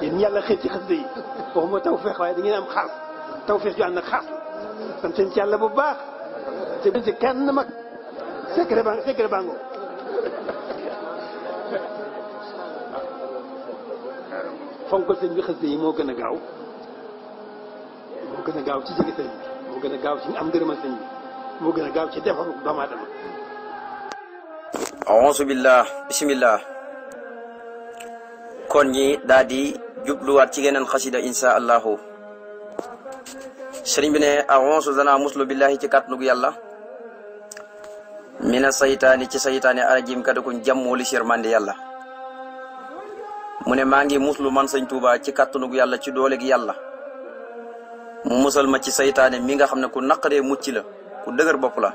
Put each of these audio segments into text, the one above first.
yéen yàlla xëy ci xasida yi waxuma tawfeex waaye di ngeen am xaas tawfeex ju ànd ak xaas la sant ci yàlla bu baax te bu ci kenn mag secret baa secret baa ngoo fonkal sëñ moo gën a gaaw moo gën a gaaw ci jege sëñ moo gën a gaaw ci am ngërëmal sëñ bi moo gën a gaaw ci defaru doomu aadama. auzu billah bismillah kon ñi daal di jubluwaat ci geneen xasida insha allahu sëriñ bi ne aonsu dana muslu billahi ci kàttanug yàlla mina seytaane ci saytaani arajim kadakuñ jàmm wali sérmandi yàlla mu ne maa ngi muslu man sëñ Tuuba ci kàttanug yàlla ci doole gi yàlla mu musal ma ci saytaane mi nga xam ne ku naqaree mucc la ku dëgër bopp la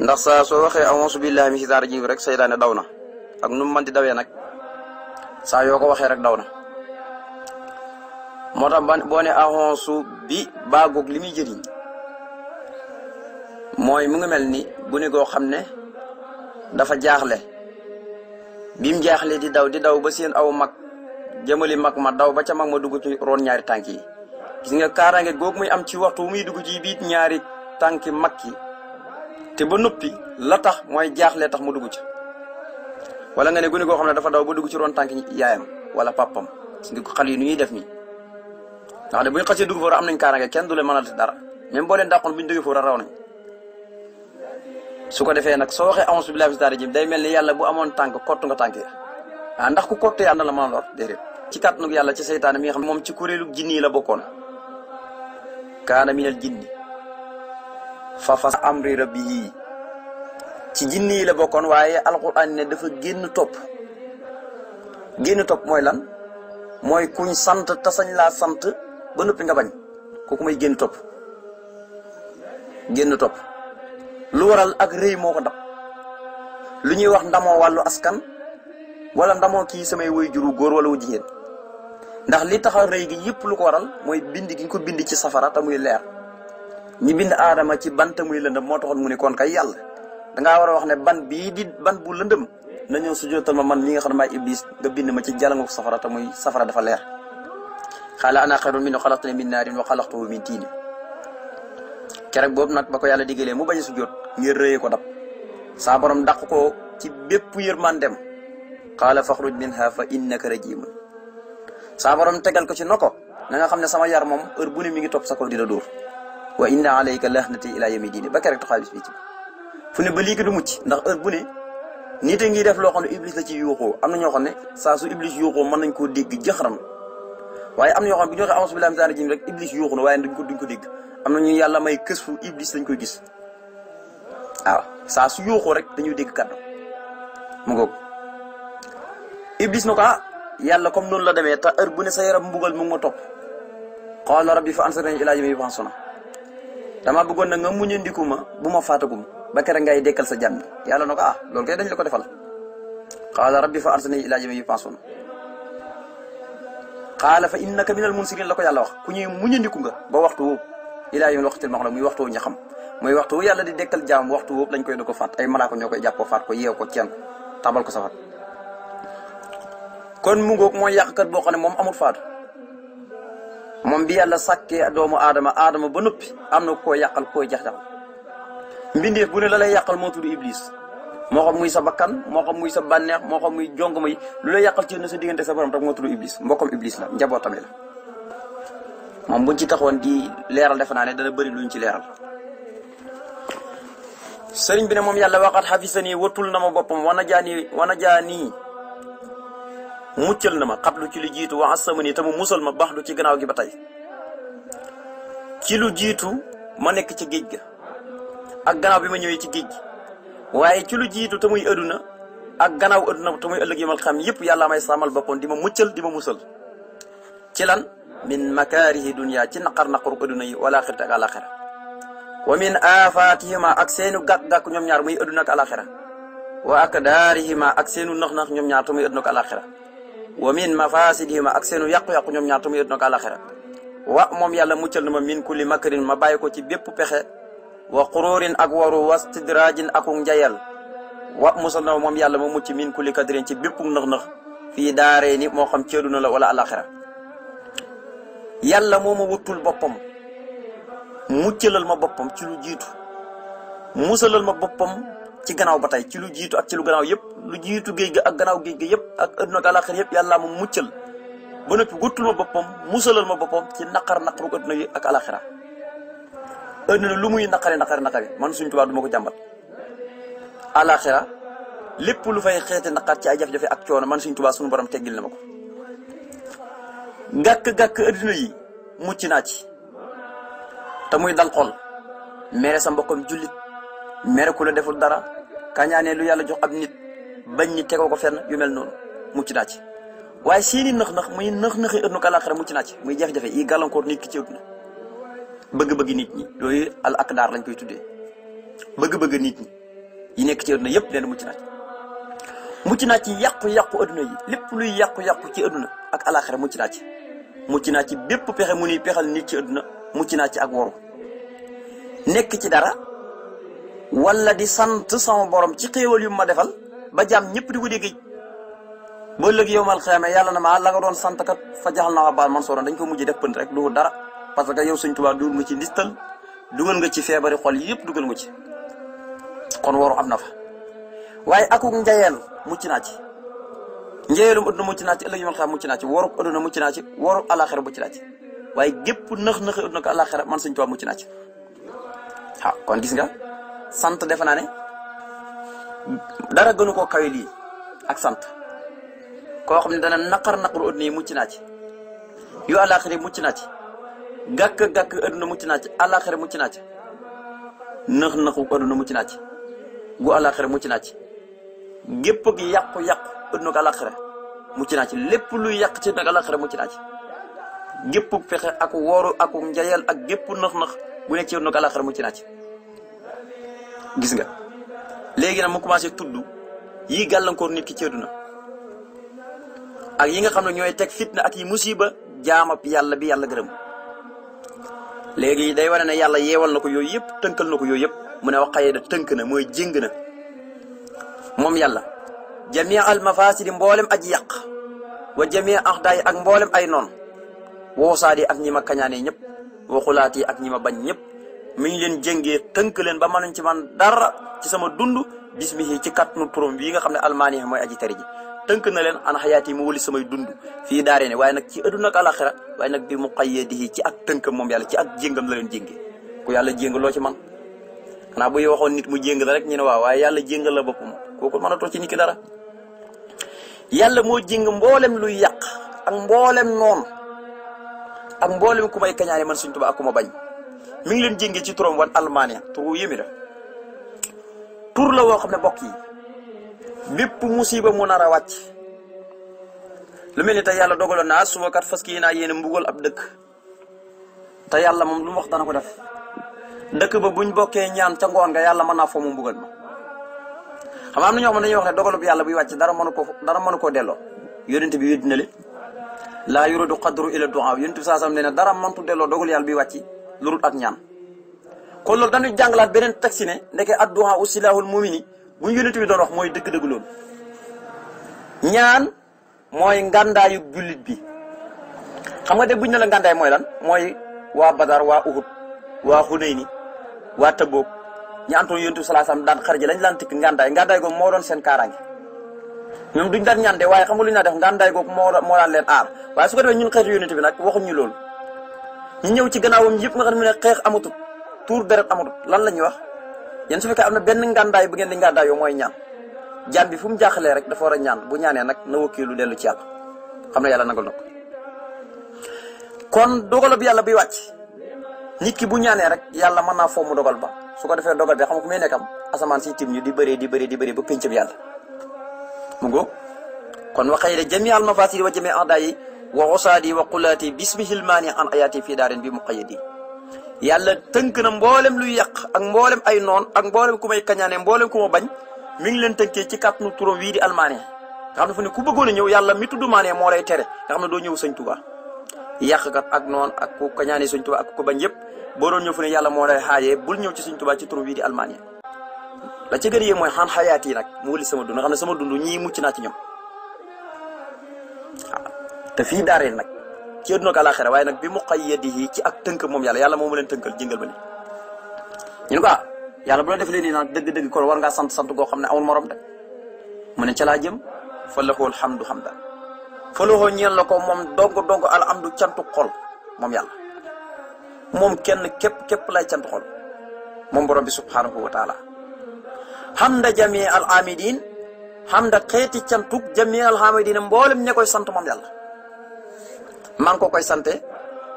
ndax sa soo waxee aonsu billahi mi saytaan rajim rek saytaane daw na ak nu mu mën di dawee nag saa yoo ko waxee rek daw na moo tax boo ne axonsu bi baa goog li muy jëriñ mooy mu ngi mel ni bu ne goo xam ne dafa jaaxle bim jaaxle di daw di daw ba seen aw mag jëmali mag ma daw ba ca mag ma dugg ci ñaari tànk yi gis nga kaaraange goog muy am ci waxtu muy dugg ci biit ñaari tànki mag yi te ba noppi la tax mooy jaaxle tax ma dugg ci wala nga ne gune goo xam ne dafa daw ba dugg ci ron tànk yaayam wala pappam gis nga xale nu ñuy def nii ndax de bu ñu xasee dugg foofu am nañ kaaraange kenn du leen mën a dara même boo leen dàqoon bu ñu raw nañ su ko defee nag soo waxee a'uuzu billaahi mina shaytaani rajiim day ni yàlla bu amoon tànk kottu nga tànk ya ah, ndax ku yàlla la mën a lor déedéet ci kàttanu yàlla ci seytaane mi nga xam moom ci kuréelu jinni yi la bokkoon kaana minal jinni fa fas amri rabbihi ci jinni yi la bokkoon waaye alquran ne dafa génn topp génn topp mooy lan mooy kuñ sant te sañ laa sant ba noppi nga bañ kooku mooy génn topp génn topp lu waral ak rëy moo ko ndam lu ñuy wax ndamoo wàllu askan walla ndamoo kii samay woy juru góor wala wu jigéen ndax li tax rëy gi yëpp lu ko waral mooy bind gi ñu ko bind ci safara te muy leer ñi bind aadama ci bant muy lëndëm moo taxoon mu ne kon kay yàlla dangaa war a wax ne ban bii di ban bu lëndëm na ñëw sujootal ma man mi nga xam ne maay iblis nga bind ma ci jàllangu safara te muy safara dafa leer xaala ana xayrun minhu xalaqtani min naarin wa xalaqtahu min tiin keroog boobu nag ba ko yàlla digalee mu bañ a sujoot ngir rëye ko dab saa borom dàq ko ci bépp yërmandem qaala faxruj minha fa innaka rajimun saa borom tegal ko ci noko na nga xam ne sama yar moom heure bu ne mi ngi topp sa kaw di la dóor wa inna alayka lahnati ila yawmi diini ba keroog ci fu ne ba lii ki du mucc ndax heure bu ne nit a ngi def loo xam iblis la ci yuuxoo am na ñoo xam ne saa su iblis yuuxoo mën nañ koo dégg jëxaram waaye am na ñoo xam ne bu ñu waxee auzu billaahi mina shaytaani rajiim rek iblis yuuxu ko duñ ko am na ñu yàlla may kës fu iblis lañ koy gis waaw saa su yuuxoo rek dañuy dégg kàddu mu ngoog iblis na ko ah, yàlla comme noonu la demee te heure bu ne sa yaram mbugal mu ngi ma topp qaala rabbi fa anzirnii ilaa yawmi yub'asuun dama bëggoon nag a muñandiku ma bu ma faatagum ba kera ngay dekkal sa jàmm yàlla na ko ah loolu kay dañ la ko defal qaala rabbi fa arsilni ilaa jami yupansun qaala fa innaka minal munsirin la ko yàlla wax ku ñuy muñandiku nga ba waxtu woowu ilaa yawmil waqtil maxluum muy waxtu wu ñu mooy waxtu wu yàlla di dekkal jaam waxtu woowu lañ koy doog ko faat ay malaaka ñoo koy jàppo faat ko yeew ko ceen ko tabal ko safar kon mu ngoog mooy yàqkat boo xam ne moom amul faatu moom bi yàlla sàkkee doomu aadama aadama ba noppi am na koo yàqal koo jax-jaxal mbindeef bu ne la lay yàqal moo tudd iblis moo xam muy sa bakkan moo xam muy sa bànneex moo xam muy jongoma yi lu lay yàqal ci na sa diggante sa borom tam moo tudd iblis mbokkam iblis la njabootam la ci taxoon di leeral defe naa ne dana bëri luñ ci leeral sëriñ bi ne moom yàlla waxaat xafisani wattul na ma boppam wana jaani wana jaani muccal na ma xablu ci lu jiitu wa asamani te mu musal ma baax lu ci ganaaw gi ba tey ci lu jiitu ma nekk ci géej ga ak gannaaw bi ma ñëwee ci géej waaye ci lu jiitu te muy ëdduna ak ganaaw ëdduna te muy ëllëg yi mal xam yëpp yàlla may sàmmal boppam di ma muccal di ma musal ci lan min makaarihi dunya ci naqar naqaru ëdduna yi wala xirte ak alaxira wa min aafaatihima ak seenu gàkk-gàkk ñoom ñaar muy ëdduna ak alaxira wa akdaarihima ak seenu nax-nax ñoom ñaar te muy ëdduna ak ak seenu yàqu-yàqu ñoom ñaar te muy ëdduna ak alaxira wa moom yàlla muccal na ma min kulli makarin ma bàyyi ko ci bépp pexe wa quruurin ak waru wa stidraajin ak njayal wa musal na moom yàlla moom mucc min kulli kadrin ci bépp nëx-nëx fii daaree ni moo xam ceedu na la wala alaxira yàlla moo ma wuttul boppam muccalal ma boppam ci lu jiitu musalal ma boppam ci gannaaw ba tey ci lu jiitu ak ci lu ganaaw yëpp lu jiitu géej ga ak gannaaw géej ga yëpp ak adduna ak alaxira yëpp yàlla moom muccal ba noppi wuttul ma boppam musalal ma boppam ci naqar naqaru adduna ak alaxira ëndi lu muy naqari naqari naqari man suñ tubaab du ma ko jàmbat àlaaxira lépp lu fay xeeti naqar ci ay jafe-jafe ak coono man suñ tubaab suñu borom teggil na ma ko gàkk-gàkk adduna yi mucc naa ci te muy dal xol mere sa mbokkam jullit mere ku la deful dara kañaanee lu yàlla jox ab nit bañ ni tegoo ko fenn yu mel noonu mucc naa ci waaye seeni nëx-nëx muy nëx-nëxi ënnu kalaaxira mucc naa ci muy jafe-jafe yi gàllankoor nit ki ci bëgg-bëgg nit ñi yooyu al aqdaar lañ koy tuddee bëgg-bëgg nit ñi yi nekk ci adduna yëpp nee na mucc naa ci mucc naa ci yàqu-yàqu adduna yi lépp luy yàqu-yàqu ci adduna ak alaxira mucc naa ci mucc naa ci bépp pexe mu nuy pexal nit ci adduna mucc naa ci ak woru nekk ci dara wala di sant sama borom ci xéewal yu ma defal ba jàmm ñëpp di ko dégg ba léegi yow mal xiyama yàlla na ma la nga doon sant kat fa jaxal naa baal man soo dañ ko mujj def pënd rek du dara parce que yow Sëñ Tuubaa dugal nga ci ndistal dugal nga ci feebari xol yëpp dugal nga ci kon waru am na fa waaye akuk njayeel mucc naa ci njayeelum adduna mucc naa ci ëllëg yomal xam mucc naa ci waruk adduna naa ci waruk alaxira mucc naa ci waaye gépp nëx-nëxi adduna ko alaxira man Sëñ Tuubaa mucc naa ci waaw kon gis nga sant defe naa ne dara gënu koo kawe lii ak sant koo xam ne dana naqar naqaru adduna yi mucc naa ci yu alaxira mucc naa ci gàkk-gàkk adduna mucc naa ci àllaaxira mucc naa ci nax naxu adduna mucc naa ci gu àllaaxira mucc naa ci gépp gi yàqu-yàqu adduna ak àllaaxira mucc naa ci lépp luy yàq ci nag àllaaxira mucc naa ci gépp fexe ak wooru ak njayal ak gépp nax-nax bu nekk ci adduna ak àllaaxira mucc naa ci gis nga léegi nag mu commencé tudd yii gàllankoor nit ki ci adduna ak yi nga xam ne ñooy teg fitna ak yi musiba jaamab yàlla bi yàlla gërëm léegi day wane ne yàlla yeewal na ko yooyu yëpp tënkal na ko yooyu yëpp mu ne wax xëy na tënk na mooy jéng na moom yàlla jamia al mafasidi mboolem aji yàq wa jamia axdaay ak mboolem ay noon woosaadi ak ñi ma kañaane ñëpp waxulaati ak ñi ma bañ ñëpp mi ngi leen jéngee tënk leen ba mënuñ ci man dara ci sama dund bismihi ci kat nu turam bii nga xam ne almaani mooy aji tari ji tënk na leen an xayaat mu wëli samay dund fii daaree waaye nag ci adduna ak alaxira waaye nag bi mu xayyadihi ci ak tënkam moom yàlla ci ak jéngam la leen yàlla jéng ci man xanaa bu waxoon nit mu jéng la rek ñu ne waaw waaye yàlla jéngal la boppam kooku mënatoo ci nit ki dara yàlla moo jéng mboolem luy yàq ak mboolem noonu ak mboolem ku may kañaane man suñ tuba ak ku ma bañ mu ngi leen jéngee ci turam wan almaania turu yëmi la tur la woo xam ne bokk yi bépp musiba mu nar a wàcc lu mel ni tey yàlla dogaloon naa ah, suba kat fas yéenaa yéen a mbugal ab dëkk te yàlla moom lu mu wax dana ko def dëkk ba buñ bokkee ñaan ca ngoon nga yàlla mën naa foo mbugal ma xam am na ñoo xam ne dañuy wax ne dogalub yàlla buy wàcc dara mënu ko dara mënu koo delloo bi weddi leen laa yuradu qadru ila du'a a bi saa sam ne ne dara mëntu delloo dogal yàlla buy wàcc lurul ak ñaan kon loolu dañuy jàngalaat beneen taxi ne ndeke bu yonent bi doon wax mooy dëgg-dëgg loolu ñaan mooy ngàndaayu jullit bi xam nga de buñ ne la ngàndaay mooy lan mooy waa Badar waa Uhud waa Xunayni waa Tabuk ñi antoon yonent bi sallallahu daan xar ji lañ daan tikk ngàndaay ngàndaay googu moo doon seen kaaraange ñoom duñ daan ñaan de xam nga lu ñu daan ngàndaay googu moo moo leen aar waaye su ko defee ñun xeetu yonent bi nag waxuñu loolu ñu ñëw ci gannaawam yëpp nga xam ne xeex amatut tuur deret amatut lan la ñuy wax yéen su fekkee am na benn ngàndaay bu ngeen di ngàndaay yow mooy ñaan jaam bi fu mu jaaxalee rek dafa war a ñaan bu ñaanee nag na wakkiilu dellu ci yàlla xam ne yàlla nangal na ko kon dogalab yàlla bi wàcc nit ki bu ñaanee rek yàlla man naa foomu dogal ba su ko defee dogal bi xam ko muy nekkam asamaan si tim ñu di bëree di bëree di bëree ba péncam yàlla mu ngo kon waxëy de jami al mafasiri wa jami adaa yi wa xusaadi wa qulaati bismihil maani an ayaati fii daarin bi muqayyadi yàlla tënk na mboolem luy yàq ak mboolem ay noon ak mboolem ku may kañaane mboolem ku bañ mi ngi leen tënkee ci kàttanu turam wii di almaane nga xam ne fu ne ku bëggoon a ñëw yàlla mi tudd maane moo lay tere nga xam ne doo ñëw sëñ Tuubaa kat ak noon ak ku kañaane sëñ Tuubaa ak ku ko bañ yëpp boo doon ñëw fu ne yàlla moo lay xaajee bul ñëw ci sëñ Tuubaa ci turam wii di la ci gën yee mooy xaan xayaat yi nag mu wëli sama dund nga ne sama dund ñii mucc naa ci ñoom te daaree nag ci àdduna ak waaye nag bi muqayyadihi ci ak tënk moom yàlla yàlla moom ma leen tënkal jëngal ma li ñun ko ah, yàlla bu la defalee nii nag dëgg-dëgg kon war ngaa sant sant goo ne amul morom de mu ne ca laa jëm fa lahoo alhamdu hamda fa lahoo ñeel la ko moom dong dong alhamdu cantu xol moom yàlla moom kenn képp képp lay cantu xol moom borom bi subhanahu wa taala hamda jami al amidin hamda xeeti cantuk jami al amidin mboolem ña koy sant moom yàlla maa ngi ko koy sante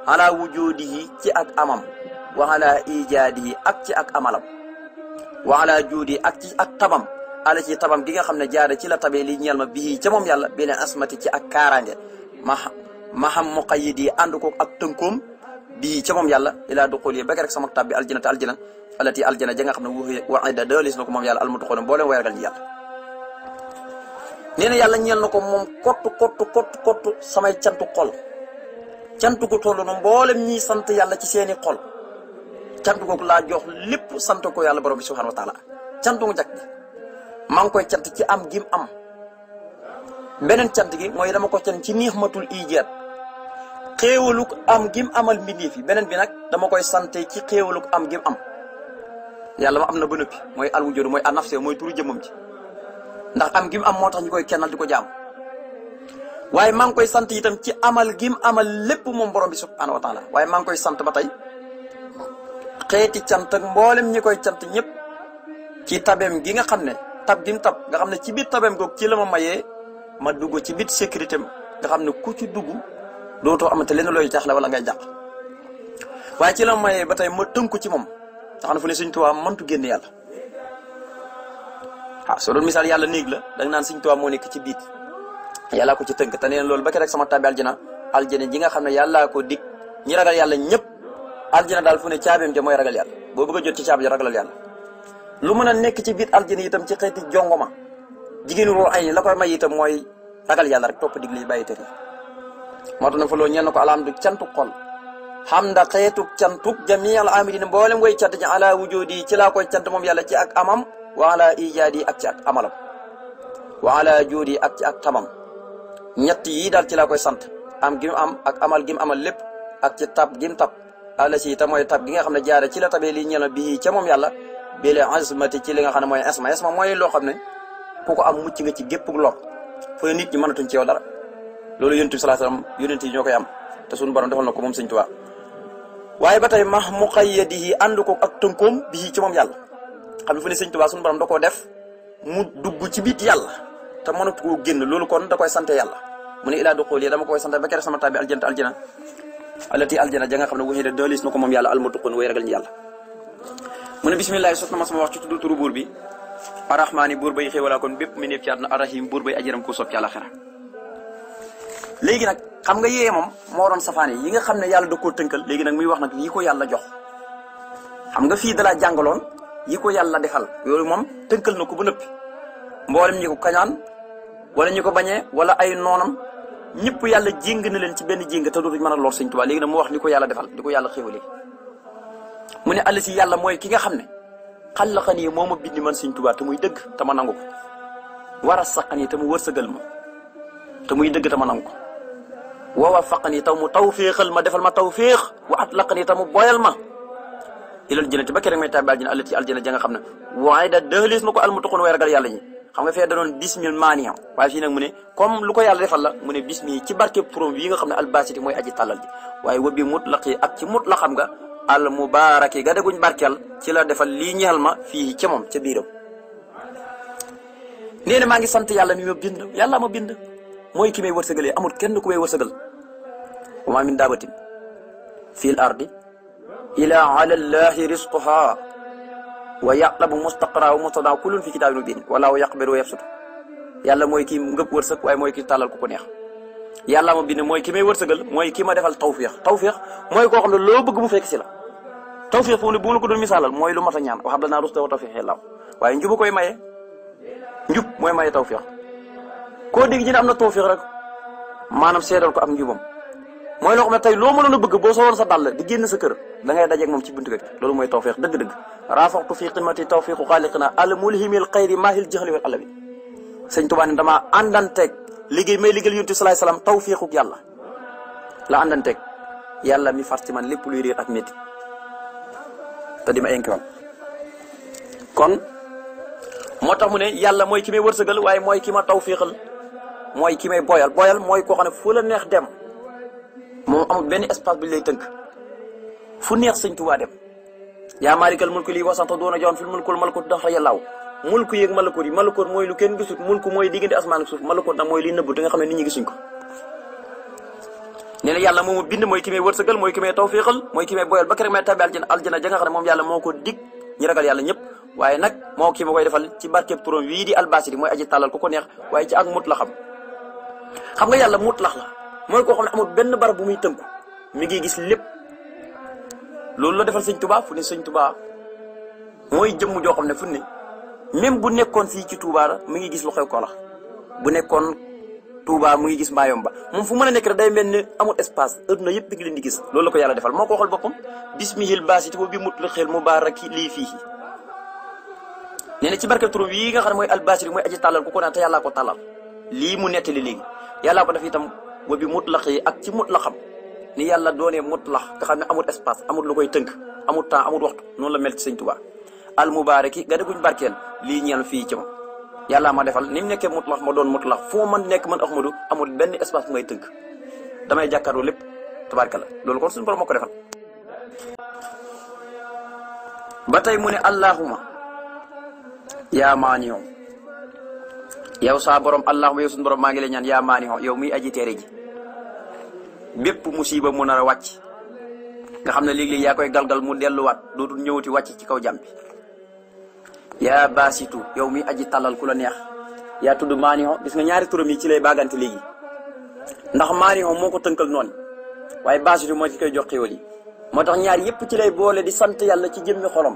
ala wujudihi ci ak amam wa ala ijaadihi ak ci ak amalam wa ala juudi ak ci ak tabam ala ci tabam gi nga xam ne jaada ci la tabee li ñeel ma bii ca moom yàlla beneen asmati ci ak kaaraange ma maxam muqayid yi ànd ko ak tënkoom bii ca moom yàlla ilaa duxul yi rek sama tab bi aljana te aljana alati aljana ja xam ne wuxu waida dalis na ko moom yàlla almuduxolam boo leen weergal ñi yàlla nee na yàlla ñeel ko moom kottu kottu kottu kottu cant gu toll na mboolem ñiy sant yàlla ci seeni xol cant googu laa jox lépp sant ko yàlla borom bi subhaanahu wa taala cant gu njëkk maa ngi koy cant ci am gim am beneen cant gi mooy dama ko cant ci niixmatul ijaat xéewaluk am gim amal mbindeef yi beneen bi nag dama koy sante ci xéewaluk am gim am yàlla ma am na ba noppi mooy alwujudu mooy anafse mooy turu jëmmam ci ndax am gim am moo tax ñu koy kennal di ko jaam waaye maa ngi koy sant itam ci amal gim amal lépp moom borom bi subhaanahu wa waaye maa koy sant ba tey xeeti cant ak mboolem ñi koy cant ñëpp ci tabeem gi nga xam ne tab gim tab nga xam ne ci biir tabeem googu ci la ma mayee ma dugg ci biir sécurité am nga xam ne ku ci dugg dootoo amate lenn looy jaaxle wala ngay jàq waaye ci la ma mayee ba tey ma tënku ci moom nga xam ne fu ne Sëñ Tuubaa mëntu génn yàlla ah soo doon misaal yàlla néeg la da naan Sëñ Tuubaa moo nekk ci biit. yàllaa ko ci tënk te neen loolu ba ke rek sama tàbbi aljana aljana ji nga xam ne yàllaa ko dig ñi ragal yàlla ñëpp aljana daal fu ne caabeem ja mooy ragal yàlla boo bëgg jot ci caabi ja yàlla lu mën a nekk ci biir aljana itam ci xeeti jongoma jigéenu ruur ay la koy may itam mooy ragal yàlla rek topp digli bàyyi tër moo tax na fa loolu ñeen ko alhamdu cantu xol xam nda xeetu cantuk jamii al amilin mboolem way cant ñi ala wujudi ci laa koy cant moom yàlla ci ak amam wa ala ijaadi ak ci ak amalam wa ala ak ci ak tamam ñett yii daal ci laa koy sant am gim am ak amal gim amal lépp ak ci tab gim tab àlla si te mooy tab gi nga xam ne jaare ci la tabee li ñeel na bii ca moom yàlla bi la azmati ci li nga xam ne mooy isma isma mooy loo xam ne ku ko am mucc gépp lor fooy nit mënatuñ ci yow dara loolu yonent bi sallallahu alayhi wasallam yonent yi ñoo koy am te suñu na ko moom Sëñ Tuubaa waaye ba tey ma muqayyadihi ànd ko ak tënkoom bii ci moom yàlla xam ne fu ne Sëñ Tuubaa suñu borom da koo def mu dugg ci biit yàlla te mënatu koo génn loolu kon da koy sante yàlla mu ne ilaa duxuul yi dama koy sant ba a sama tàbbi aljana aljana alati aljana ja xam ne wuxee de dëlis ko moom yàlla almatuqun way ragal ñu yàlla mu ne bisimilahi sot na ma sama wax ci tudd turu buur bi arrahmaani buur bay xéewalaa kon bépp mi néef ci àdduna arrahim buur bay ajaram ko soob ci àlaxira léegi nag xam nga yee moom moo doon safaane yi nga xam ne yàlla da ko tënkal léegi nag muy wax nag yi ko yàlla jox xam nga fii dalaa jàngaloon yi ko yàlla defal yooyu moom tënkal na ko ba nëppi mboolem ñi ko wala ñu ko bañee wala ay noonam ñëpp yàlla jéng na leen ci benn jéng te dootuñ mën a lor sëñ Tuubaa léegi nag mu wax li ko yàlla defal li ko yàlla xéwalee mu ne àll si yàlla mooy ki nga xam ne xàllaqan yi moom ma bind man sëñ muy dëgg te ma nangu ko a saqan yi te mu wërsëgal ma muy dëgg tama ma nangu ko wawa faqan yi taw mu taw féexal ma defal ma taw feex wa at laqan yi te mu boyal ma ilal jënati ba ke rek may tàbbi aljana àll aljana ja xam ne waaye da dëxliis ma ko almutaqoon way ragal xam nga fee da doon bismil maaniam waaye fii nag mu comme lu ko yàlla defal la mu ne bismi ci barke prom yi nga xam ne albasiti mooy aji tàllal ji waaye wabi mutlaqi ak ci mut la xam nga al mubaaraki ga daguñ barkeel ci la defal lii ñeel ma fii ca moom ca biiram nee maa ngi sant yàlla mi ma bind yàlla ma bind mooy ki may wërsëgalee amul kenn ku may wërsëgal wa maa min daabatin fil ardi ila ala llahi risquha wa yaqlabu mustaqra wa mustadaa kullun fi kitaabin mubiin walaahu yaqbiru wa yabsutu yàlla mooy kii ngëb wërsëg waaye mooy kii tàllal ku ko neex yàlla ma bind mooy ki may wërsëgal mooy ki ma defal tawféex tawféex mooy koo xam ne loo bëgg bu fekk si la tawféex foofu ne bu ma ko doon misaalal mooy lu mat a ñaan waxam la naa rusta wa tawféex yàlla waaye njubu koy maye njub mooy maye tawféex koo dégg ne am na tawféex rek maanaam seedal ko am njubam mooy loo xam ne tey loo ma a bëgg boo soloon sa dàll di génn sa kër da ngay dajeeg moom ci buntu kër loolu mooy tawfiq dëgg-dëgg raafaxtu fi qimati tawfiqu xaaliqina al mulhimil xayri maahil jahli wal alabi sëñ Tuubaa ne damaa àndanteeg liggéey may liggéeyal yonent bi salaay salaam tawfiquk yàlla la àndanteeg yàlla mi far man lépp luy réer ak métti te di ma inkiwal kon moo tax mu ne yàlla mooy ki may wërsëgal waaye mooy ki ma tawfiqal mooy ki may boyal boyal mooy koo xam ne fu la neex dem amul benn espace bi lay tënk fu neex sëñ Tuubaa dem yaa maalikal mulki lii wasanta doona joxoon fil mulkul malakut dax raya laaw mulku yéeg malakut yi malakut mooy lu kenn gisut mulku mooy diggante asmaan ak suuf malakut nag mooy liy nëbbu te xam ne nit ñi gisuñ ko nee yàlla moomu bind mooy ki wërsëgal mooy ki may mooy ki boyal ba kerek may tabi aljana aljana ja xam ne moom yàlla moo ko dig ñi ragal yàlla ñëpp waaye nag moo kii koy defal ci barkeeb turam wii ko neex waaye ci ak mut nga yàlla mut lax la mooy koo xam ne amul benn barab bu muy tënku mi ngi gis lépp loolu la defal sëñ tubaa fu ne sëñ tubaa mooy jëmm joo xam ne fu ne même bu nekkoon si ci tubaa la mi ngi gis lu xew ko la bu nekkoon Touba mu ngi gis mbaayom ba moom fu mën a nekk rek day mel ne amul espace adduna yëpp mi ngi leen di gis loolu ko yàlla defal moo ko waxal boppam bismihil baasi tuba bi mut la xel mubaaraki lii fii nee na ci barke turam yi nga xam ne mooy albasiri mooy aji tàllal ku ko naan te yàllaa ko tàllal lii mu nettali léegi yàllaa ko def itam wa bi mutlax yi ak ci mutlaxam ni yàlla doonee mutlax nga xam ne amul espace amul lu koy tënk amul temps amul waxtu noonu la mel ci sëñ Tuubaa al mubaaraki ga guñ barkeel lii ñeel fii ci ma yàlla ma defal ni mu nekkee mutlax ma doon mutlax fu ma mën nekk man a Ahmadu amul benn espace bu may tënk damay jàkkaarloo lépp tabaarkalla loolu kon suñu borom moo ko defal ba tey mu ne allahuma yaa maaniyoom yow saa borom allahuma yow suñu borom maa ngi lay ñaan yaa maani xo yow muy aji teere ji bépp musiba mu nar a wàcc nga xam ne léegi léeg yaa koy galgal mu delluwaat dootul ñëwati wàcc ci kaw jàmbi yaa baasitu yow mi aji tàllal ku la neex yaa tudd maanixo gis nga ñaari turam yi ci lay baagante léegi ndax maanixo moo ko tënkal noon waaye baasitu moo ci koy jox xéwal yi moo tax ñaar yëpp ci lay boole di sant yàlla ci jëmmi xolom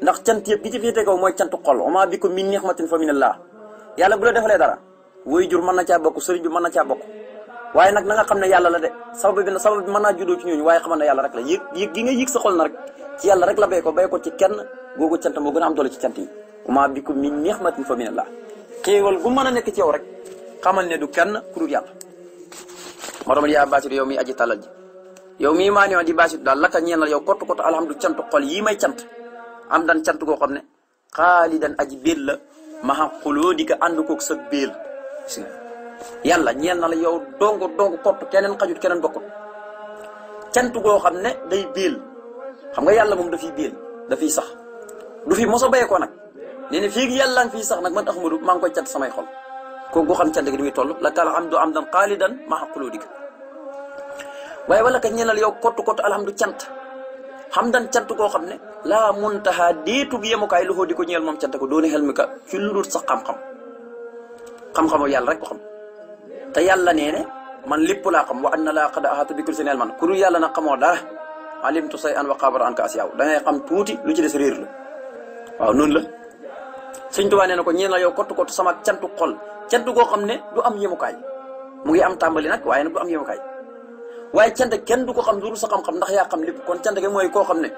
ndax cant yëpp gi ci féete kaw mooy cantu xol wa maa bikum min nixmatin fa minallah yàlla bu la defalee dara jur mën na caa bokk sëriñ bi mën na caa bokk waaye nag na nga xam ne yàlla la de sabab bi na sabab bi mën naa juddoo ci ñooñu waaye xamal ne yàlla rek la yëg yëg gi nga yëg sa xol na rek ci yàlla rek la bay ko bay ko ci kenn googu cant moo gën a am doole ci cant yi ma bikum min ni'matin fa minallah xéewal gu mën a nekk ci yow rek xamal ne du kenn ku dul yàlla moo tax yaa baasitu yow miy aji tàllal ji yow mii maa ñëwaat di baasitu daal laka ñeenal yow kott kott alhamdu cant xol yii may cant am dan cant goo xam ne xaalidan aji biir la maxa xuloo di ko ànd koog sa biir yàlla ñeel na la yow dongo dongo kott keneen xajut keneen bokkut cant goo xam ne day biil xam nga yàlla moom dafiy biil dafiy sax du fi mos a béy ko nag nee na fii ak yàlla ngi sax nag man Ahmadu maa ngi koy cant samay xol kooku goo xam cant gi du muy toll la taala hamdu amdan xaalidan maxa xuloo di ko waaye wala ka ñeenal yow kott kott alhamdu cant. xam dan cant koo xam ne laa muntaha déetub yemukaay loxoo di ko ñeel moom cant ko doone xel mi ka ci lu dul sax xam-xam xam-xamu yàlla rek ko xam te yàlla nee man lépp laa xam wa an na laa qad ahaata bi kulli ku yàlla nag xamoo dara alimtu shay'an wa xaabara an ka asiyaaw da ngay xam tuuti lu ci des réer la waaw noonu la sëñ Tuubaa nee na ko ñeel na yow kottu kottu sama cantu kol cant goo xam ne du am yemukaay mu ngi am tàmbali nag waaye nag du am yemukaay waaye cant kenn du ko xam lu sa xam-xam ndax yaa xam lépp kon cant mooy koo xam ne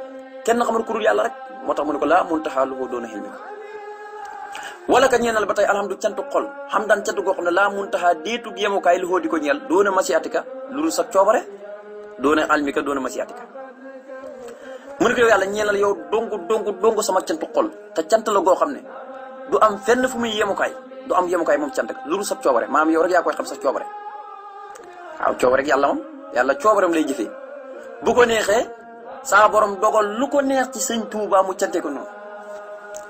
kenn xamul ku dul yàlla rek moo tax mu ne ko laa muntahaa lahu doona xilmi wala ka ñeenal ba tey alhamdu cantu xol xam daan cantu goxam ne laa muntahaa déetug yemukaay lu di ko ñeel doona masiatika lu dul sa coobare doona almika doona masiatika mu ne ko yow yàlla ñeenal yow dongu sama cantu xol te cant la goo xam ne du am fenn fu muy yemukaay du am yemukaay moom cant lu dul sa coobare maanaam yow rek yaa koy xam sa coobare waaw coow rek moom yàlla coobaram lay jëfee bu ko neexee saa borom dogal lu ko neex ci sëñ Tuubaa mu cante ko noonu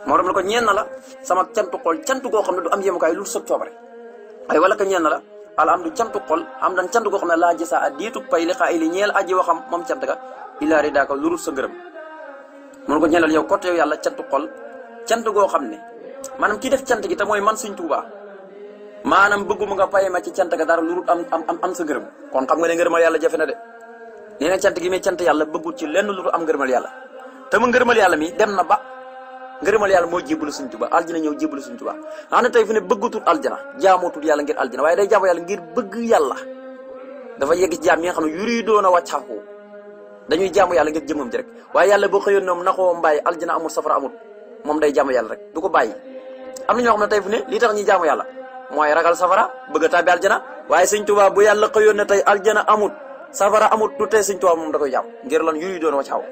moo doon la ko ñeen la sama cantu xol cant goo xam ne du am yemukaay lu sëb coobare ay wala ko ñeen la ala du cantu xol am dan cant goo xam ne laa jësaa a diitu pay li xaa ili ñeel aji waxam moom cant ga ilaa ridaaka lurul sa ngërëm mun ko ñeenal yow côté yow yàlla cantu xol cant goo xam ne maanaam ki def cant gi te mooy man sëñ Tuubaa maanaam bëgguma nga paye ma ci cant ga dara lu dul am am am sa kon xam nga ne ngërëmal yàlla jafe na de nee na cant gi may cant yàlla bëggul ci lenn lu dul am ngërëmal yàlla te mu ngërëmal yàlla mi dem na ba ngërëmal yàlla moo jébbalu Sëñ Tuubaa aljana ñëw jébbalu Sëñ Tuubaa xam ne tey fu ne bëggatul aljana jaamootul yàlla ngir aljana waaye day jaamu yàlla ngir bëgg yàlla dafa yegg ci nga xam ne yuri doon a wàccaxu dañuy jaamu yàlla ngir jëmmam ji rek waaye yàlla boo xëyoon ñoom naxoo mbaay aljana amul safara amul moom day jaamu yàlla rek du ko bàyyi am na ñoo xam ne tey fu tax ñuy jaamu yàlla mooy ragal safara bëgg a tàbbi aljana waaye sëñ Tuubaa bu yàlla xëyoon ne tey aljana amut safara amut du tey sëñ Tuubaa moom da koy jàmm ngir lan yuyu doon wacaaw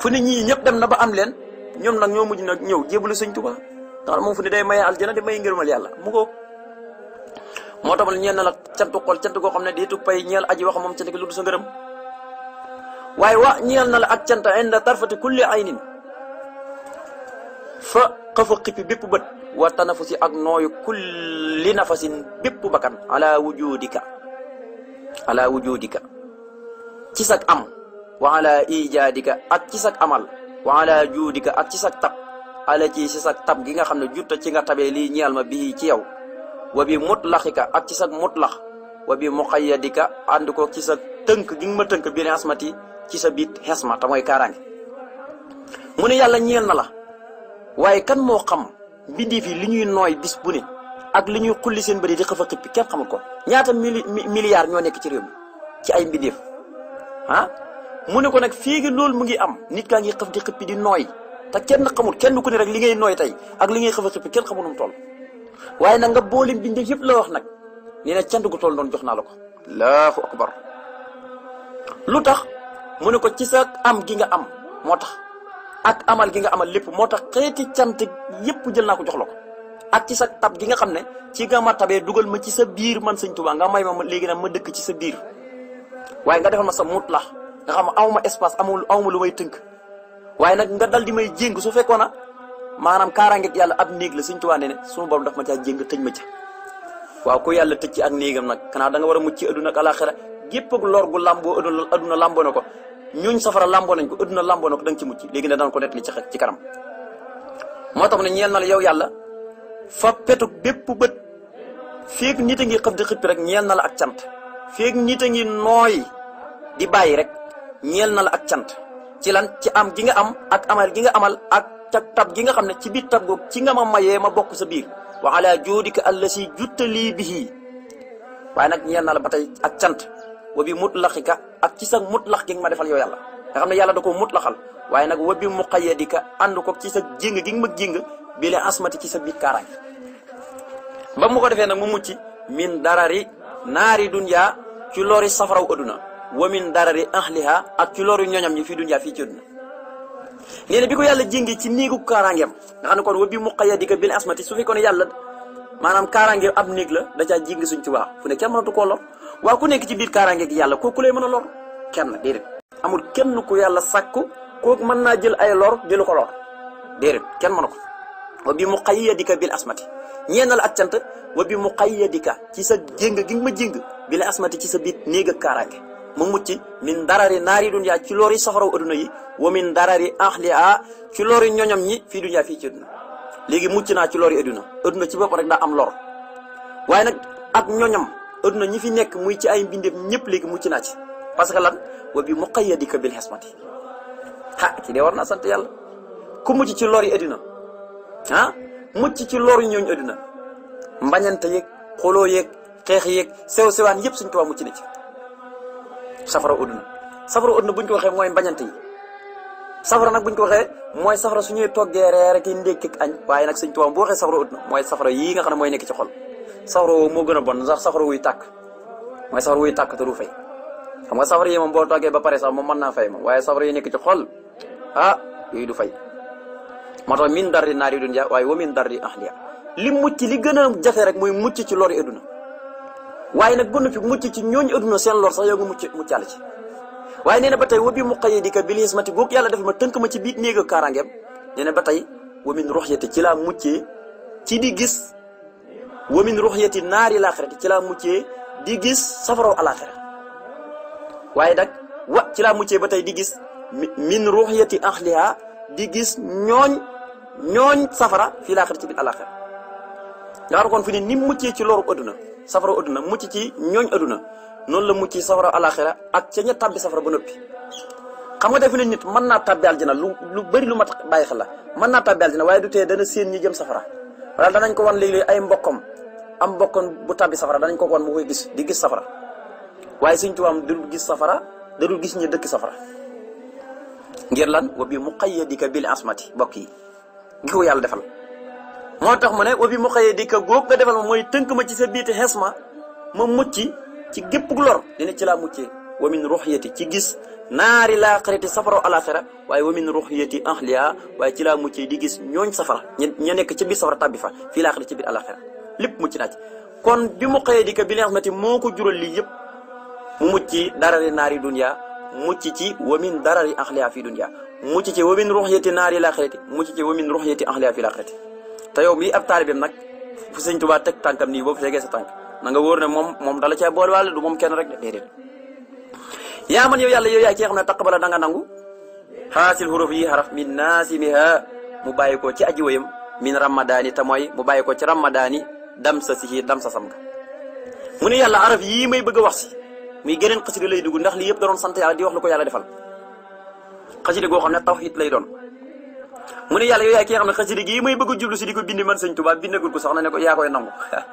fu ne ñii ñëpp dem na ba am leen ñoom nag ñoo mujj nag ñëw jébbalu sëñ Tuubaa ndax moom fu ne day maye aljana di may ngërmal yàlla mu ko moo tamal ñeen na la cantu xol cant goo xam ne diitu pay ñeel aji wax moom cant gi lu du sa ngërëm waaye wa ñeel na la ak cant inda tarfati kulli aynin fa xafa xippi bépp bët wa si ak nooyu kulli nafasin bépp bakkan ala wujudika ala wujudika ci sag am wa ala ijaadika ak ci sag amal wa juudika ak ci sag tab ala ci sag tab gi nga xam ne jutta ci nga tabe lii ñeel ma bi ci yow wa bi mutlaxika ak ci sag mutlax wa bi muqayyadika ànd ko ci sa tënk gi nga ma tënk bi asmati ci sa biit xesma te mooy kaaraange mu ne yàlla ñeel na la waaye kan moo xam mbindeef yi li ñuy nooy bis bu ne ak li ñuy xulli seen bëri di xëfa xëppi kenn xamul ko ñaata mili milliards ñoo nekk ci réew mi ci ay mbindeef ah mu ne ko nag fii loolu mu ngi am nit kaa ngi xëf di xëppi di nooy te kenn xamul kenn ku ne rek li ngay nooy tey ak li ngay xëfa xëppi kenn xamul nu mu toll waaye nag nga boole mbindeef yëpp la wax nag nee na cant gu toll noonu jox na la ko allahu akbar lu tax mu ne ko ci sa am gi nga am moo tax ak amal gi nga amal lépp moo tax xeeti cant yépp jël naa ko jox la ko ak ci sa tab gi nga xam ne ci nga ma tabee dugal ma ci sa biir man sëñ Tuubaa nga may ma léegi ma dëkk ci sa biir waaye nga defal ma sa mut la nga xam aw ma espace amul aw ma lu may tënk waaye nag nga dal di may jéng su fekkoon na maanaam kaaraangeeg yàlla ab néeg la sëñ Tuubaa ne ne sunu borom daf ma caa jéng tëj ma ca waaw ku yàlla tëj ci ak néegam nag kanaa danga nga war a mucc ci àdduna ak àlaaxira gépp gu làmboo aduna làmboo na ko ñooñ safara làmboo nañ ko adduna làmboo na ko da ci mucc léegi ne daan ko nekk li ci ci kanam moo tax ne ñeel na la yow yàlla fa petu bépp bët feeg nit a ngi xëf di xippi rek ñeel na la ak cant feeg nit a ngi nooy di bàyyi rek ñeel ak cant ci lan ci am gi nga am ak amal gi nga amal ak tab gi nga xam ne ci biir tab googu ci nga ma mayee ma bokk sa biir wa ala joodika allasi juttalii bihi waaye nag ñeel na la ba tey ak cant wa bi mutlaxika ak ci sa mut lax nga ma defal yow yàlla nga xam ne yàlla ko mut mutlaxal waaye nag wa bi muqayadika ànd ko ci sa jéng gi nga ma jéng bi la asmati ci sa biir kaaraange ba mu ko nag mu mucc min darari naari dunya ci lori safaraw aduna wa min darari ahliha ak ci lori ñoñam ñi fii dunya fii ci bi ko yàlla jéngee ci néegu kaaraangeem nga xam ne kon wa bi muqayadika bi la asmati su fekkoon yàlla maanaam kaaraange am néeg la da caa suñ ci waa fu ne kenn mënatu koo lor waaw ku nekk ci biir kaaraange gi yàlla kooku lay mën a lor kenn déedéet amul kenn ku yàlla sàkk ko mën naa jël ay lor jëlu ko lor déedéet kenn mënu ko wa bi muqayyadika bil asmati ñeenal ak cant wa bi muqayyadika ci sa jéng gi nga ma jéng bil asmati ci sa biit néeg ak kaaraange ma mucc min darari naari dunya ci lori soxraw aduna yi wa min darari ahliha ci lori ñoñom ñi fii dunya fii ci aduna léegi mucc naa ci lori aduna aduna ci boppam rek daa am lor waaye nag ak ñoñam adduna ñi fi nekk muy ci ay mbindeef ñëpp léegi mucc naa ci parce que lan wa bi muqayyadika bil xismati ah kii de war na sant yàlla ku mucc ci lor yi adduna ah mucc ci lor yi ñooñu adduna mbañante yeeg xoloo yeeg xeex yeeg sew sewaan yëpp suñ tubaab mucc na ci safara adduna safara adduna buñ ko waxee mooy mbañante yi safara nag buñ ko waxee mooy safara suñuy toggee reer ak ndékki ak añ waaye nag suñ tubaab bu waxee safara adduna mooy safara yii nga xam ne mooy nekk ci xol safara woowu moo gën a bon sax safara wuy tàkk mooy safara wuy tàkk te du fay xam nga safara yi moom boo toggee ba pare sax moom mën naa fay moom waaye safara yi nekk ci xol ah yooyu du fay moo tax min darri naari dunya waaye wa min darri ahliya li mucc li gën a jafe rek mooy mucc ci lori adduna waaye nag gën a fi mucc ci ñooñu adduna seen lor sax yow nga mucc muccaale ci waaye nee na ba tey wa bi muqayyadika bil ismati goog yàlla def ma tënk ma ci biir néeg ak kaaraangeem nee na ba tey wa min ruxyati ci laa muccee ci di gis wa min ruxyati naari laaxirati ci laa muccee di gis safaraw alaaxira waaye nag wa ci laa muccee ba tey di gis min ruxyati ahliha di gis ñooñ ñooñ safara fii laaxira ci biir alaaxira nga war kon fi ne ni muccee ci loru adduna safaraw adduna mucc ci ñooñ adduna noonu la mucc ci safaraw alaaxira ak ca ña tàbbi ba noppi xam nga def nit mën naa tàbbi aljana lu lu bëri lu mat bàyyi xel la mën naa tàbbi aljana waaye du tee dana séen ñi jëm safara wala danañ ko wan léeg-léeg ay mbokkam am bokkoon bu tàbbi safara danañ ko woon mu koy gis di gis safara waaye tu am dul gis safara da dul gis ñi dëkk safara ngir lan wa bi muqayyadika bil asmati bokk yi gi ko yàlla defal moo tax ma ne wa bi muqayyadika góog nga defal ma mooy tënk ma ci sa biit xes ma ma mucc ci gépp gu lor dina ci laa muccee wa min ruxyati ci gis naari laa xariti safara alaxira waaye wa min ruxyati ahliya waaye ci laa muccee di gis ñooñ safara ña nekk ci biir safara tàbbi fa fii laaxira ci biir alaxira lépp mucc na ci kon bi mu xëyee di ko bi neexmati moo ko jural lii yëpp mu mucc ci darari naari dunya mucc ci wa min darari axliha fi dunya mucc ci wa min ruxyati naari laaxirati mucc ci wa min ruxyati axliha fi laaxirati te yow mii ab taalibeem nag fu sëñ Tuubaa teg tànkam nii boo fa tegee sa tànk na nga wóor ne moom moom dala ca boole wàll du moom kenn rek de déedéet yaa man yow yàlla yow yaay ki nga xam ne taqabala da nga nangu xaasil yi xaraf min naasimiha mu bàyyi ko ci aji wayam min mu bàyyi ko ci ramadaani dam sa si dam sa sam ga mu ne yàlla araf yii may bëgg wax si muy geneen xasida lay dugg ndax lii yëpp da doon sant yàlla di wax lu ko yàlla defal xasida goo xam ne tawhid lay doon mu ne yàlla yow yaay ki nga xam ne xasida gii may bëgg a jublu si di ko bindi man sëñ Tuubaa bindagul ko soxna ne ko yaa koy nangu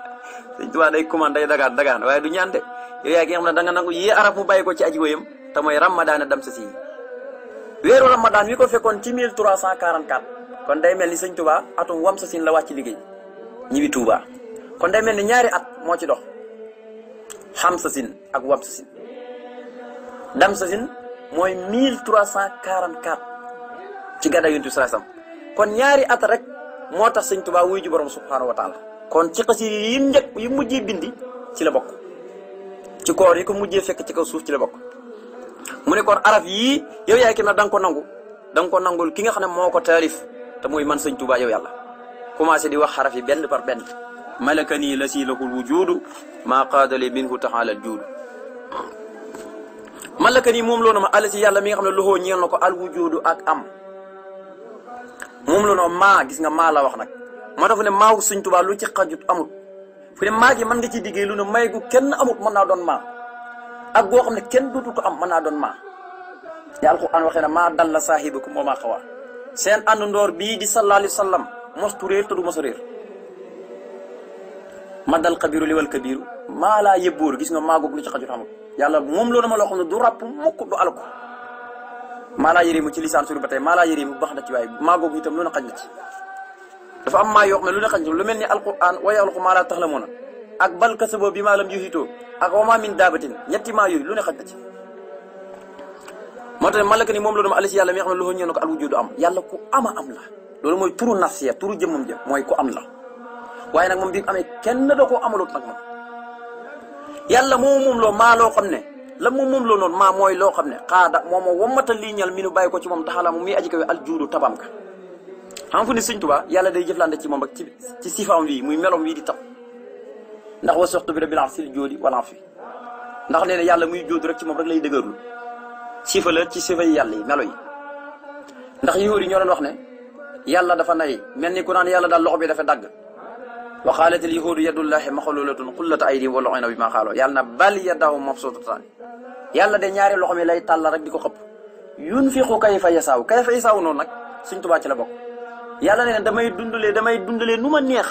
sëñ Tuubaa day commande day dagaan dagaan waaye du ñaan de yow yaay ki nga xam ne da nangu yii araf mu bàyyi ko ci aji wéyam te mooy ramadaan dam sa si weeru ramadaan wi ko fekkoon ci 1344 kon day mel ni sëñ Tuubaa atum wam sa sin la wàcc liggéey ñibi Tuubaa kon day mel ni ñaari at moo ci dox xam sa ak wam sa sin dam sa mooy mille trois cent quarante quatre ci gàddaay Yonent bi sallallahu alayhi wasallam kon ñaari at rek moo tax sëñ Tuubaa wuy ji borom subhaanahu wa kon ci xasida yi njëkk yi mujjee bindi ci la bokk ci koor yi ko mujjee fekk ci kaw suuf ci la bokk mu ne kon araf yii yow yaay ki na da ko nangu dan nga ko nangul ki nga xam ne moo ko taarif te mooy man sëñ tubaa yow yàlla commencé di wax xaraf yi benn par benn malakani lasi lahul wujudu maa qaadali minhu taxaala aljuudu malakani moom loo na ma alasi yàlla mi nga xam ne loxoo ñeel na ko al wujudu ak am moom loo ma gis nga maa wax nag moo tax fu ne maawu suñ tubaa lu ci xajut amut fu ne maa gi nga ci diggee lu ne may gu kenn amut mën naa doon ma ak goo xam ne kenn dootu ko am ma naa doon maa ya alquran waxee na maa dal la saahibakum wa maa xawaa seen àndandoor bii di sallallahu alayhi wa sallam mos tu réer du mos a madal kabiru liwal kabiru maa laa yëbbóor gis nga maa googu lu ci xajul xamul yàlla moom loolu ma loo xam ne du ràpp mukk du alko maa laa yërimu ci lisaan suru ba tey maa laa yërimu baax na ci waaye maa googu itam lu ne xaj na ci dafa am maa yoo xam ne lu ne xaj na lu mel ni alquran wa yaxluqu maa laa taxlamuuna ak bal kasaboo bi maa lam yuhitoo ak wa maa min daabatin ñetti maa yooyu lu ne xaj na ci moo tax malaka ni moom loolu ma alisi yàlla mi nga xam loxo ñëw ko alwujudu am yàlla loolu mooy turu nasiya turu jëmmam ja mooy ku am la waaye nag moom bi amee kenn da koo amalut nag moom yàlla moo moom loo maa loo xam ne la moom moom loo noonu maa mooy loo xam ne xaada moo ma wamata lii ñal mi bàyyi ko ci moom taxala mu muy aji kawe al juudu tabam ka xam fu ni yàlla day jëflante ci moom ak ci ci sifaam wii muy meloom wii di tab ndax wa soxtu bi rabbil arsil jóodi wala yàlla muy jóodu rek ci moom rek lay dëgërlu sifa la ci sifa yi yàlla yi melo yi ndax yóori ñoo doon wax ne yàlla dafa nay mel ni ku naan yàlla daal loxo bi dafa dagg wa qaalat al yahuudu yadullahi maxluulatun qullat aydihim wa lu'inu bimaa qaaluu yàlla na bal yadahu mabsuutatan yàlla de ñaari loxo mi lay tàllal rek di ko xëpp yunfiqu kayfa yasaaw kayfa yasaaw noonu nag suñ tubaa ci la bokk yalla ne damay dundalee damay dundalee nu ma neex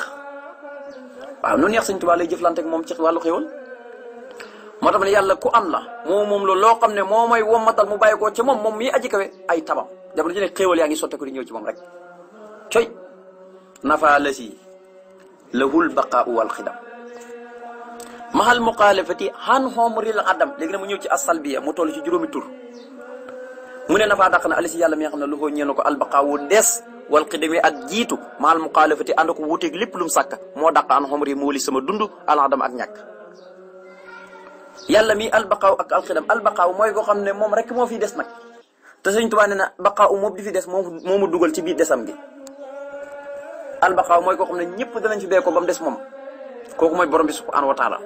waaw nu neex suñ tubaa lay jëflante moom ci wàllu xéwal moo tax ne yàlla ku am la moo moom la loo xam ne moo may wommatal mu bàyyi ko ci moom moom mi aji kawe ay tabam jamono ji ne xéwal yaa ngi sotte ko di ñëw ci moom rek coy nafa si lahul baqaau wal xidam mahal muxaalafati han xomril adam léegi nag mu ñëw ci asalbiya mu toll ci juróomi tur mu ne nafaa daq na alisi yàlla mi nga xam ne lu ko ñeena ko albaqaawu des wal xidami ak jiitu mahal muxaalafati ànd ko wuuteeg lépp lu mu sàkk moo dàq an xomri moo sama dund al ak ñàkk yàlla mi albaqaaw ak alxidam albaqaaw mooy koo xam ne moom rek moo fi des nag te sëñ Tuubaa nee na baqaaw moom bi fi des moo mu dugal ci biir desam gi albaqaaw mooy koo xam ne ñëpp danañ fi dee ko ba moom kooku mooy borom bi subhaanahu wa taala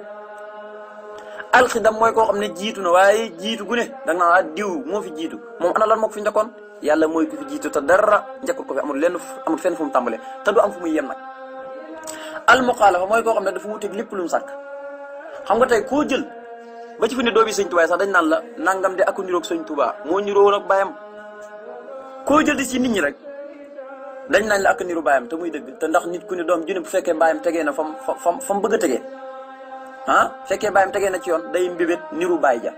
mooy koo xam ne jiitu na waaye jiitu ne da nga naan ah moo fi jiitu moom ana lan moo ko fi njëkkoon yàlla mooy ku dara njëkkul ko fi amul lenn amul fenn fu mu tàmbalee te du am fu muy yem nag. almuxaalafa mooy koo xam ne dafa wuuteeg lépp lu sakk xam nga tey koo jël ba ci ne doomi sëñ Tuubaa sax dañ naan la nangam de ak ku niroog sëñ Tuubaa moo niroog ak bàyyam ko jël di ci nit ñi rek. dañ nañ la ak niru baayam te muy dëgg te ndax nit ku ne doom junne bu fekkee baayam tegee na fam fam fam bëgg a tegee ah fekkee baayam tegee na ci yoon day mbibét niru baay ja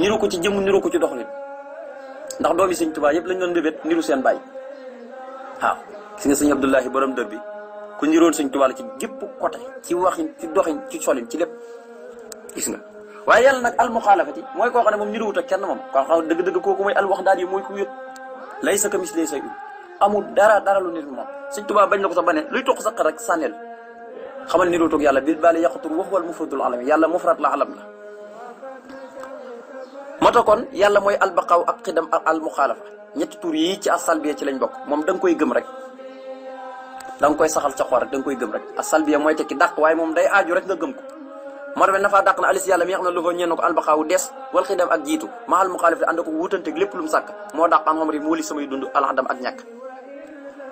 niru ko ci jëmm niru ko ci doxalin ndax doomi sëñ Tuubaa yëpp lañ doon mbibét niru seen baay waaw gis nga sëñ Abdullahi borom dër bi ku niroon sëñ Tuubaa la ci gépp côté ci waxin ci doxin ci solin ci lépp gis nga waaye yàlla nag al muxaalafati mooy koo xam ne moom niruwut ak kenn moom koo xam dëgg-dëgg kooku mooy al wax daal yi mooy ku wéet lay sa kamis lay say ut amul dara dara lu nit moom sëñ Tuubaa bañ na ko sax ba ne luy toq saq rek sànneel xamal ni rootoog yàlla bi bali yàqutur wax wal mufradul alam yàlla mufrad la alam la moo tax kon yàlla mooy albaqaaw ak xidam ak almuxaalafa ñetti tur yii ci asalbiya ci lañ bokk moom da nga koy gëm rek da nga koy saxal ca da nga koy gëm rek asalbiya mooy tekki dàq waaye moom day aaju rek nga gëm ko moo tax nafaa dàq na alis yàlla mi nga xam ne lofoo ñeen na ko albaqaawu des wal xidam ak jiitu lépp lu mu sàkk moo dàq an xomri mu wëli dund alxadam ak ñàkk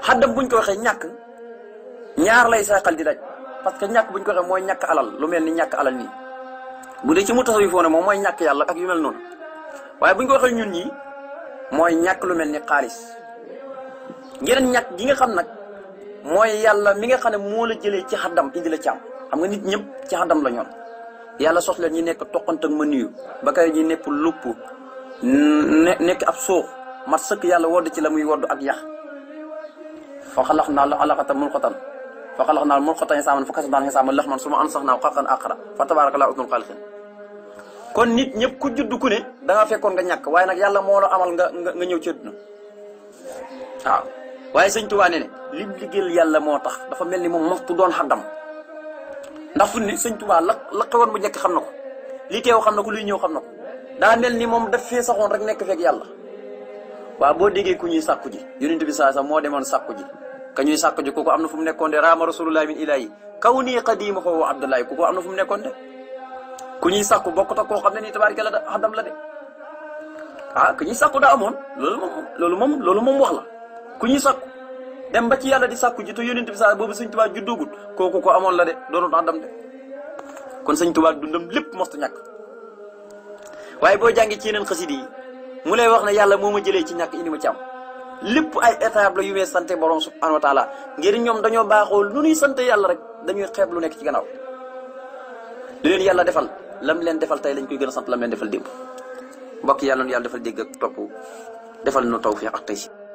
xaddam buñ ko waxee ñàkk ñaar lay sa xel di daj parce que ñàkk buñ ko xee mooy ñàkk alal lu mel ni ñàkk alal nii bu dee ci mu tasawuf ne moom mooy ñàkk yàlla ak yu mel noonu waaye buñ ko waxee ñun nii mooy ñàkk lu mel ni xaalis geneen ñàkk gi nga xam nag mooy yàlla mi nga xam ne moo la jëlee ci xaddam indi la caam xam nga nit ñëpp ci xaddam la ñoon yàlla sos leen ñi nekk toqant ma mënuyu ba kay ñi nekk lupp nekk ab suux mat sëkk yàlla wodd ci la muy ak yax fa xalax naa la alaxata mun xotan fa xalax naa mun xotan xisaaman fa kasam daan xisaaman lax man su ma an sax naa xaqan aqara fa tabaaraka laa usnul kon nit ñëpp ku judd ku ne da fekkoon nga ñàkk waaye nag yàlla moo la amal nga nga ñëw ci àdduna waaye sëñ Tuubaa nee yàlla moo tax dafa mel ni moom moxtu doon xaddam ndax fu ne sëñ la la xewoon bu njëkk xam na ko li teew xam na ko luy ñëw xam na ko daa mel ni moom daf fee saxoon rek nekk fekk yàlla waaw boo déggee ku ñuy sàkku ji yonent bi saa sax moo demoon sàkku ji ka ñuy sàkk ji kooku am na fu mu nekkoon de raama rasulullahi min ilahi kaw nii xadiima xoowu abdullahi kooku am na fu nekkoon de ku ñuy sàkku bokkut ak koo xam ne nii tabaaraka la xadam la de ah ku ñuy sàkku daa amoon loolu loolu moom loolu moom wax la ku ñuy sàkku dem ba ci yàlla di sàkku ji te yónent bi saa boobu sëñ Tuubaa juddoogut ko amoon la de doonut xadam de kon sëñ Tuubaa dundam lépp mosta ñàkk waaye boo jàngee ci yeneen xasida mu lay wax ne yàlla moo ma jëlee ci ñàkk indi ma ci am lépp ay étape la yu muy sant borom subhanahu wa taala ngir ñoom dañoo baaxoo lu nuy sant yàlla rek dañuy xeeb lu nekk ci gannaaw li leen yàlla defal lam leen defal tey lañ koy gën a sant lam leen defal démb mbokk yàlla nu yàlla defal dégg ak topp defal nu tawfiq ak tey si